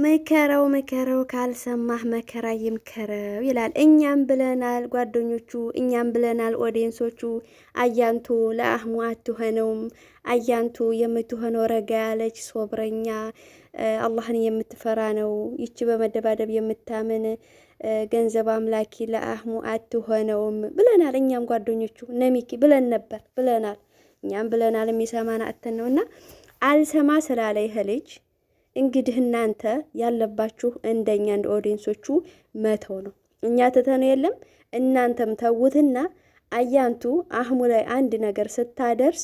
ምከረው ምከረው ካልሰማህ መከራ ይምከረው ይላል። እኛም ብለናል ጓደኞቹ፣ እኛም ብለናል ኦዲየንሶቹ። አያንቱ ለአህሙ አትሆነውም። አያንቱ የምትሆነው ረጋ ያለች ሶብረኛ፣ አላህን የምትፈራ ነው። ይቺ በመደባደብ የምታምን ገንዘብ አምላኪ ለአህሙ አትሆነውም ብለናል። እኛም ጓደኞቹ ነሚኪ ብለን ነበር ብለናል። እኛም ብለናል። የሚሰማን አተን ነውና አልሰማ ስላለ ይህ ልጅ እንግዲህ እናንተ ያለባችሁ እንደኛ እንደ ኦዲየንሶቹ መተው ነው። እኛ ትተነው የለም እናንተም ተውትና አያንቱ አህሙ ላይ አንድ ነገር ስታደርስ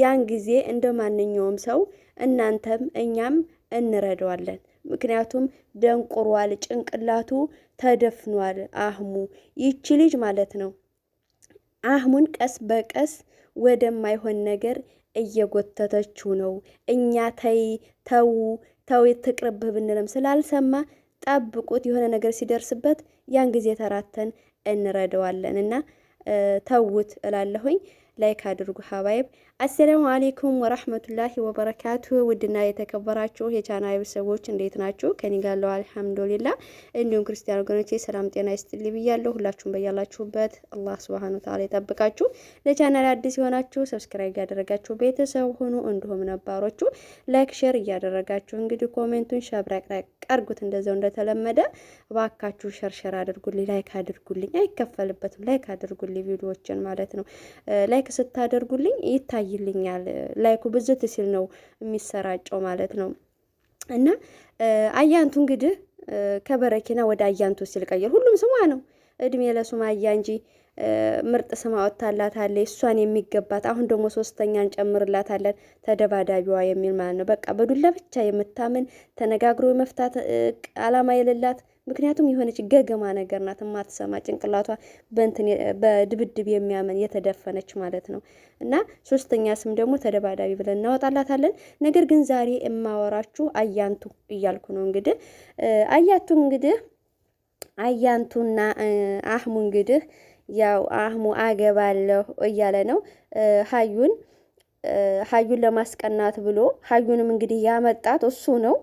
ያን ጊዜ እንደ ማንኛውም ሰው እናንተም እኛም እንረዳዋለን። ምክንያቱም ደንቁሯል፣ ጭንቅላቱ ተደፍኗል። አህሙ ይቺ ልጅ ማለት ነው አህሙን ቀስ በቀስ ወደማይሆን ነገር እየጎተተችው ነው። እኛ ተይ ተው ተውት ትቅርብ ብንልም ስላልሰማ ጠብቁት። የሆነ ነገር ሲደርስበት ያን ጊዜ ተራተን እንረደዋለን እና ተውት እላለሁኝ። ላይክ አድርጉ ሀባይብ አሰላሙ አሌይኩም ወራህመቱላሂ ወበረካቱ። ውድና የተከበራችሁ የቻናዊ ሰዎች እንዴት ናችሁ? ከኔ ጋር አለው አልሐምዱሊላ። እንዲሁም ክርስቲያን ወገኖቼ ሰላም ጤና ይስጥልኝ ብያለሁ። ሁላችሁም በያላችሁበት አላህ ስብሐነ ወተዓላ ይጠብቃችሁ። ለቻናል አዲስ የሆናችሁ ሰብስክራይብ ያደረጋችሁ ቤተሰብ ሁኑ። እንዲሁም ነባሮቹ ላይክ፣ ሼር እያደረጋችሁ እንግዲህ ኮሜንቱን ሸብረቅረቅ አድርጉት። እንደዛው እንደተለመደ እባካችሁ ሸርሸር አድርጉልኝ፣ ላይክ አድርጉልኝ። አይከፈልበትም። ላይክ አድርጉልኝ ቪዲዮዎችን ማለት ነው። ላይክ ስታደርጉልኝ ይታያል ይታይልኛል። ላይኩ ብዝት ሲል ነው የሚሰራጨው ማለት ነው። እና አያንቱ እንግዲህ ከበረኪና ወደ አያንቱ ሲል ቀየር። ሁሉም ስሟ ነው እድሜ ለሱማያ እንጂ ምርጥ ስም አወጣላታለች። እሷን የሚገባት አሁን ደግሞ ሶስተኛ እንጨምርላታለን ተደባዳቢዋ የሚል ማለት ነው። በቃ በዱላ ብቻ የምታምን ተነጋግሮ መፍታት አላማ የሌላት ምክንያቱም የሆነች ገገማ ነገር ናት፣ ማትሰማ ጭንቅላቷ በእንትን በድብድብ የሚያምን የተደፈነች ማለት ነው። እና ሶስተኛ ስም ደግሞ ተደባዳቢ ብለን እናወጣላታለን። ነገር ግን ዛሬ የማወራችሁ አያንቱ እያልኩ ነው። እንግዲህ አያቱ እንግዲህ አያንቱና አህሙ እንግዲህ ያው አህሙ አገባለሁ እያለ ነው ሀዩን ሀዩን ለማስቀናት ብሎ ሀዩንም እንግዲህ ያመጣት እሱ ነው።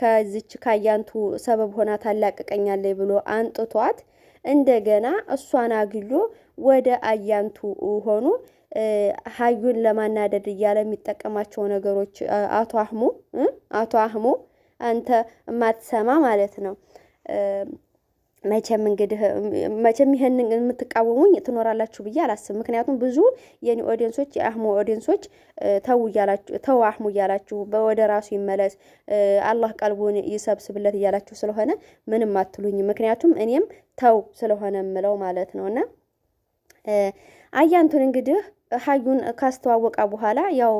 ከዚች ካያንቱ ሰበብ ሆና ታላቀቀኛለች ብሎ አንጥቷት እንደገና እሷን አግሎ ወደ አያንቱ ሆኑ ሀዩን ለማናደድ እያለ የሚጠቀማቸው ነገሮች አቶ አህሙ አቶ አህሙ አንተ የማትሰማ ማለት ነው። መቼም እንግዲህ መቼም ይሄን የምትቃወሙኝ ትኖራላችሁ ብዬ አላስብ ምክንያቱም ብዙ የኒ ኦዲንሶች የአህሙ ኦዲንሶች ተው እያላችሁ ተው አህሙ እያላችሁ ወደ ራሱ ይመለስ አላህ ቀልቡን ይሰብስብለት እያላችሁ ስለሆነ ምንም አትሉኝ። ምክንያቱም እኔም ተው ስለሆነ ምለው ማለት ነውና አያንቱን እንግዲህ ሀዩን ካስተዋወቃ በኋላ ያው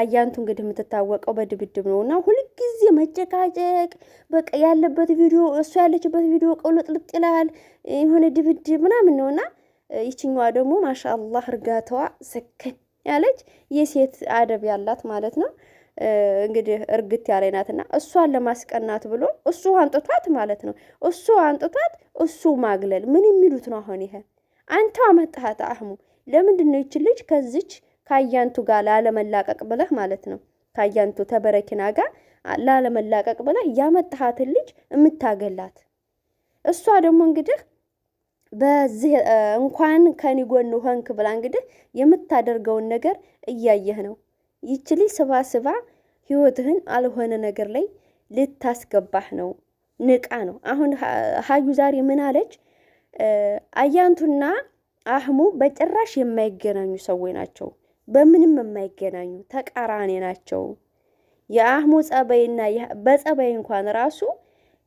አያንቱ እንግዲህ የምትታወቀው በድብድብ ነው እና ሁልጊዜ መጨቃጨቅ በቃ ያለበት ቪዲዮ እሱ ያለችበት ቪዲዮ ቀውለጥልጥ ይላል፣ የሆነ ድብድብ ምናምን ነው እና ይችኛዋ ደግሞ ማሻአላህ እርጋታዋ ስክን ያለች የሴት አደብ ያላት ማለት ነው። እንግዲህ እርግት ያለ ናትና እሷን ለማስቀናት ብሎ እሱ አንጥቷት ማለት ነው። እሱ አንጥቷት እሱ ማግለል ምን የሚሉት ነው አሁን? ይሄ አንተው አመጣሃት አህሙ ለምንድን ነው ይች ልጅ ከዚች ከአያንቱ ጋር ላለመላቀቅ ብለህ ማለት ነው ከአያንቱ ተበረኪና ጋር ላለመላቀቅ ብለህ ያመጣሃትን ልጅ የምታገላት እሷ ደግሞ እንግዲህ በዚህ እንኳን ከኔ ጎን ሆንክ ብላ እንግዲህ የምታደርገውን ነገር እያየህ ነው። ይች ልጅ ስባ ስባ ህይወትህን አልሆነ ነገር ላይ ልታስገባህ ነው። ንቃ ነው። አሁን ሀዩ ዛሬ ምን አለች? አያንቱና አህሙ በጭራሽ የማይገናኙ ሰዎች ናቸው። በምንም የማይገናኙ ተቃራኒ ናቸው። የአህሙ ጸበይና በጸበይ እንኳን ራሱ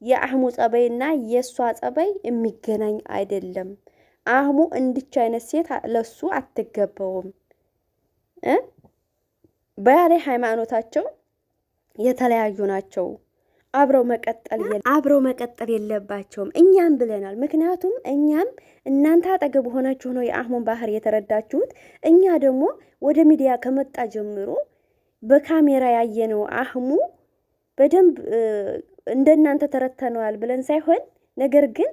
የአህሙ ጸበይና የእሷ ጸበይ የሚገናኝ አይደለም። አህሙ እንድች አይነት ሴት ለሱ አትገባውም። በያሌ ሃይማኖታቸው የተለያዩ ናቸው። አብረው መቀጠል አብረው መቀጠል የለባቸውም። እኛም ብለናል። ምክንያቱም እኛም እናንተ አጠገብ ሆናችሁ ነው የአህሙን ባህር የተረዳችሁት። እኛ ደግሞ ወደ ሚዲያ ከመጣ ጀምሮ በካሜራ ያየነው አህሙ በደንብ እንደናንተ ተረተነዋል ብለን ሳይሆን ነገር ግን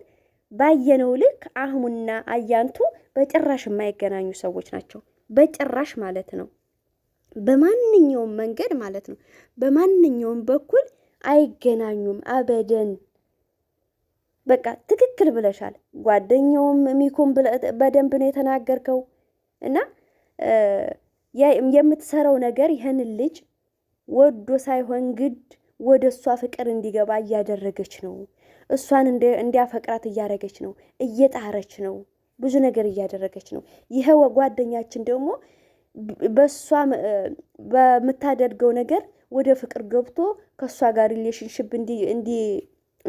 ባየነው ልክ አህሙና አያንቱ በጭራሽ የማይገናኙ ሰዎች ናቸው። በጭራሽ ማለት ነው። በማንኛውም መንገድ ማለት ነው። በማንኛውም በኩል አይገናኙም አበደን። በቃ ትክክል ብለሻል። ጓደኛውም ሚኮን በደንብ ነው የተናገርከው እና የምትሰራው ነገር ይህንን ልጅ ወዶ ሳይሆን ግድ ወደ እሷ ፍቅር እንዲገባ እያደረገች ነው። እሷን እንዲያፈቅራት እያደረገች ነው፣ እየጣረች ነው፣ ብዙ ነገር እያደረገች ነው። ይሄ ጓደኛችን ደግሞ በእሷ በምታደርገው ነገር ወደ ፍቅር ገብቶ ከእሷ ጋር ሪሌሽንሽፕ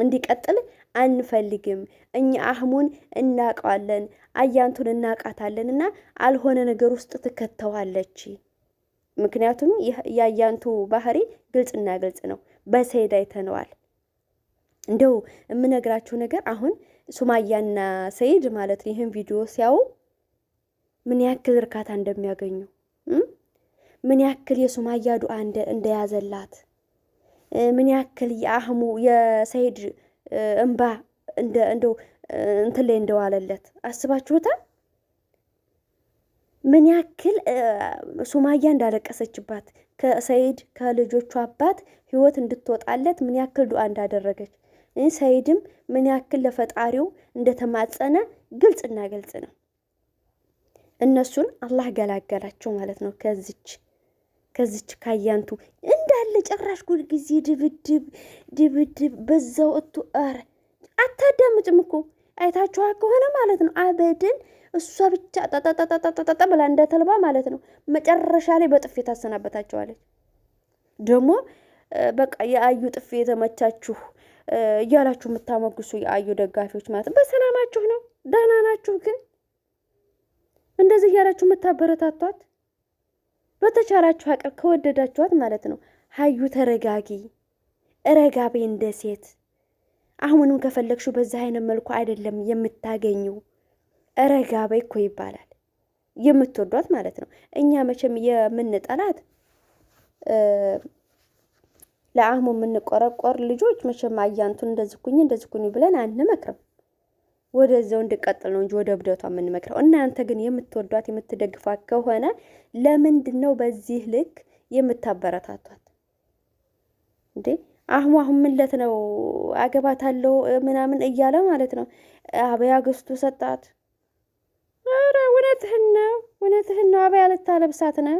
እንዲቀጥል አንፈልግም። እኛ አህሙን እናውቀዋለን፣ አያንቱን እናውቃታለን እና አልሆነ ነገር ውስጥ ትከተዋለች። ምክንያቱም የአያንቱ ባህሪ ግልጽና ግልጽ ነው፣ በሰይድ አይተነዋል። እንደው የምነግራቸው ነገር አሁን ሱማያና ሰይድ ማለት ነው ይህን ቪዲዮ ሲያዩ ምን ያክል እርካታ እንደሚያገኙ ምን ያክል የሱማያ ዱዓ እንደያዘላት ምን ያክል የአህሙ የሰይድ እምባ እንደው እንትን ላይ እንደዋለለት አስባችሁታል? ምን ያክል ሱማያ እንዳለቀሰችባት ከሰይድ ከልጆቹ አባት ህይወት እንድትወጣለት ምን ያክል ዱዓ እንዳደረገች ሰይድም ምን ያክል ለፈጣሪው እንደተማጸነ ግልጽና ግልጽ ነው። እነሱን አላህ ገላገላቸው ማለት ነው ከዚች ከዚች ካያንቱ እንዳለ ጭራሽ ጉድ ጊዜ ድብድብ ድብድብ በዛው እቱ ኧረ አታዳምጭም እኮ አይታችኋ ከሆነ ማለት ነው። አበድን እሷ ብቻ ጠጠጠጠጠጠ ብላ እንደተልባ ማለት ነው። መጨረሻ ላይ በጥፌ ታሰናበታቸዋለች። ደግሞ በቃ የአዩ ጥፌ የተመቻችሁ እያላችሁ የምታሞግሱ የአዩ ደጋፊዎች ማለት ነው። በሰላማችሁ ነው፣ ደህና ናችሁ። ግን እንደዚህ እያላችሁ የምታበረታቷት በተቻላችሁ አቅር ከወደዳችኋት ማለት ነው። ሀዩ ተረጋጊ፣ ረጋቤ እንደ ሴት አሁንም ከፈለግሽው በዚህ አይነት መልኩ አይደለም የምታገኘው። ረጋቤ እኮ ይባላል የምትወዷት ማለት ነው። እኛ መቼም የምንጠላት ለአህሙ የምንቆረቆር ልጆች መቼም አያንቱን እንደዚህ ኩኝ እንደዚህ ኩኝ ብለን አንመክርም። ወደዛው እንድቀጥል ነው እንጂ ወደ እብደቷ የምንመክረው። እናንተ ግን የምትወዷት የምትደግፏት ከሆነ ለምንድን ነው በዚህ ልክ የምታበረታቷት እንዴ? አህሙ አሁን ምለት ነው አገባታለሁ ምናምን እያለ ማለት ነው። አበያ ገዝቶ ሰጣት። ኧረ እውነትህን ነው እውነትህን ነው። አበያ ልታለብሳት ነ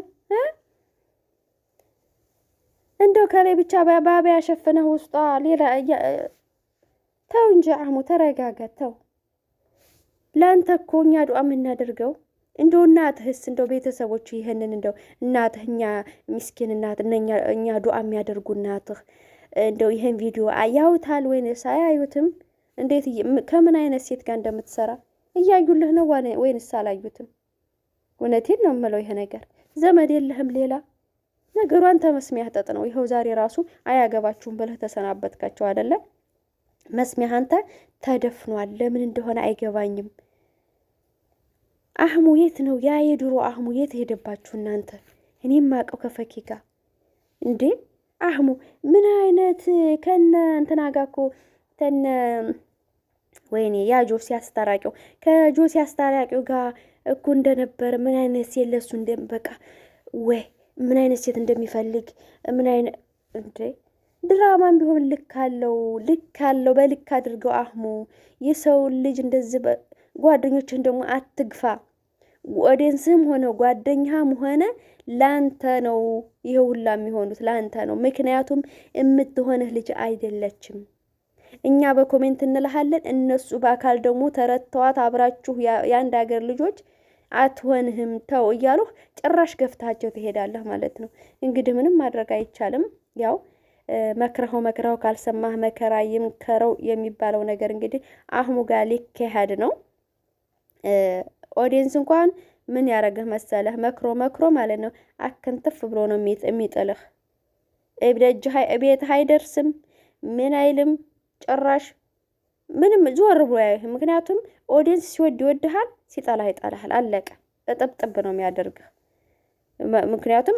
እንደው ከላይ ብቻ በአበያ ሸፍነህ ውስጧ ሌላ ተው እንጂ አህሙ ተረጋጋ፣ ተው። ለአንተ እኮ እኛ ዱዓ የምናደርገው እንደው እናትህስ እንደው ቤተሰቦቹ ይህንን እንደው እናትህ እኛ ሚስኪን እናት እኛ ዱዓ የሚያደርጉ እናትህ እንደው ይህን ቪዲዮ ያዩታል ወይንስ አያዩትም? እንዴት ከምን አይነት ሴት ጋር እንደምትሰራ እያዩልህ ነው ወይንስ አላዩትም? እውነቴን ነው የምለው፣ ይሄ ነገር ዘመድ የለህም ሌላ ነገሩ አንተ መስሚያ ጠጥ ነው። ይኸው ዛሬ ራሱ አያገባችሁም ብለህ ተሰናበትካቸው አይደለም? መስሚያ አንተ ተደፍኗል። ለምን እንደሆነ አይገባኝም። አህሙ የት ነው? ያ የድሮ አህሙ የት ሄደባችሁ እናንተ? እኔም ማቀው ከፈኪ ጋር እንዴ አህሙ ምን አይነት ከነ እንትና ጋር እኮ ከነ ወይኔ ያ ጆሲ አስታራቂው ከጆሲ አስታራቂው ጋር እኮ እንደነበረ ምን አይነት ሴት ለሱ እንደም በቃ ወይ ምን አይነት ሴት እንደሚፈልግ ምን አይነት እንዴ ድራማም ቢሆን ልክ አለው ልክ አለው በልክ አድርገው አህሙ የሰውን ልጅ እንደዚህ ጓደኞችን ደግሞ አትግፋ። ኦዲየንስህም ሆነ ጓደኛም ሆነ ላንተ ነው ይሄ ሁላ የሚሆኑት ላንተ ነው። ምክንያቱም የምትሆንህ ልጅ አይደለችም። እኛ በኮሜንት እንልሃለን፣ እነሱ በአካል ደግሞ ተረተዋት አብራችሁ የአንድ ሀገር ልጆች አትሆንህም ተው እያሉ ጭራሽ ገፍታቸው ትሄዳለህ ማለት ነው። እንግዲህ ምንም ማድረግ አይቻልም ያው መክረኸው መክረኸው ካልሰማህ መከራ ይምከረው የሚባለው ነገር እንግዲህ አህሙ ጋር ሊካሄድ ነው። ኦዲየንስ እንኳን ምን ያደረግህ መሰለህ? መክሮ መክሮ ማለት ነው አክንትፍ ብሎ ነው የሚጥልህ። እብደጅ እቤት አይደርስም፣ ምን አይልም ጭራሽ ምንም ዞር ብሎ ያይህ። ምክንያቱም ኦዲየንስ ሲወድ ይወድሃል፣ ሲጠላ ይጠላሃል። አለቀ። እጥብጥብ ነው የሚያደርግህ። ምክንያቱም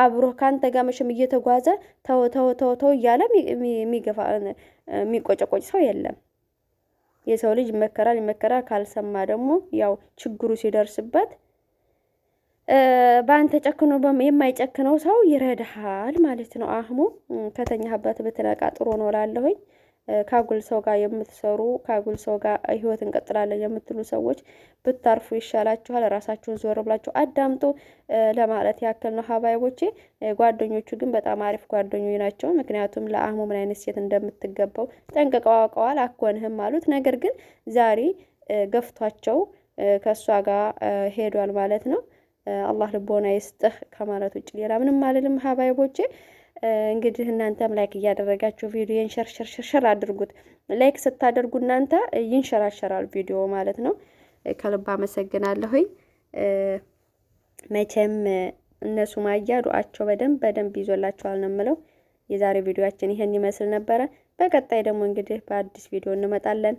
አብሮ ከአንተ ጋር መቼም እየተጓዘ ተው ተው ተው ተው እያለ የሚገፋ የሚቆጨቆጭ ሰው የለም። የሰው ልጅ ይመከራል ይመከራል፣ ካልሰማ ደግሞ ያው ችግሩ ሲደርስበት በአንተ ጨክኖ የማይጨክነው ሰው ይረዳሃል ማለት ነው። አህሙ ከተኛህበት ብትነቃ ጥሩ ነው እላለሁኝ። ከአጉል ሰው ጋር የምትሰሩ ከአጉል ሰው ጋር ህይወት እንቀጥላለን የምትሉ ሰዎች ብታርፉ ይሻላችኋል። ራሳችሁን ዞር ብላችሁ አዳምጡ ለማለት ያክል ነው ሀባይቦቼ። ጓደኞቹ ግን በጣም አሪፍ ጓደኞች ናቸው። ምክንያቱም ለአህሙ ምን አይነት ሴት እንደምትገባው ጠንቅቀው አውቀዋል። አኮንህም አሉት። ነገር ግን ዛሬ ገፍቷቸው ከእሷ ጋር ሄዷል ማለት ነው። አላህ ልቦና ይስጥህ ከማለት ውጭ ሌላ ምንም አልልም ሀባይቦቼ። እንግዲህ እናንተም ላይክ እያደረጋችሁ ቪዲዮን ሸር አድርጉት። ላይክ ስታደርጉ እናንተ ይንሸራሸራል ቪዲዮ ማለት ነው። ከልብ አመሰግናለሁኝ። መቼም እነሱ ማያ ዱአቸው በደንብ በደንብ ይዞላቸዋል ነው የምለው። የዛሬ ቪዲዮአችን ይሄን ይመስል ነበረ። በቀጣይ ደግሞ እንግዲህ በአዲስ ቪዲዮ እንመጣለን።